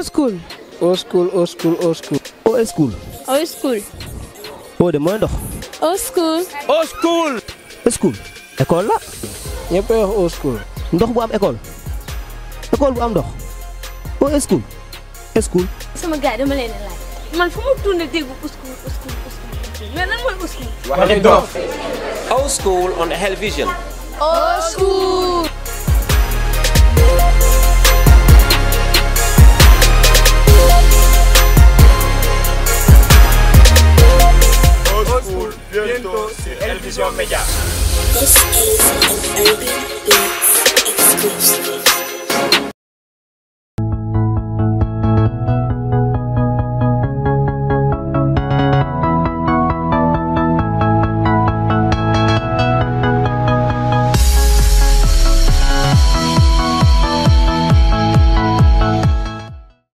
old school. old school old school old school. old school. oo de mooy ndox. old school. old school. school école la. ñëpp wax old ndox bu am école. école bu am ndox. old school. school. sama gars dama leen a laaj man fu mu tourné dégg old school old school old school mais lan mooy old school. waxi dof. old school on Hellvision. old bientôt sur Elvision Media.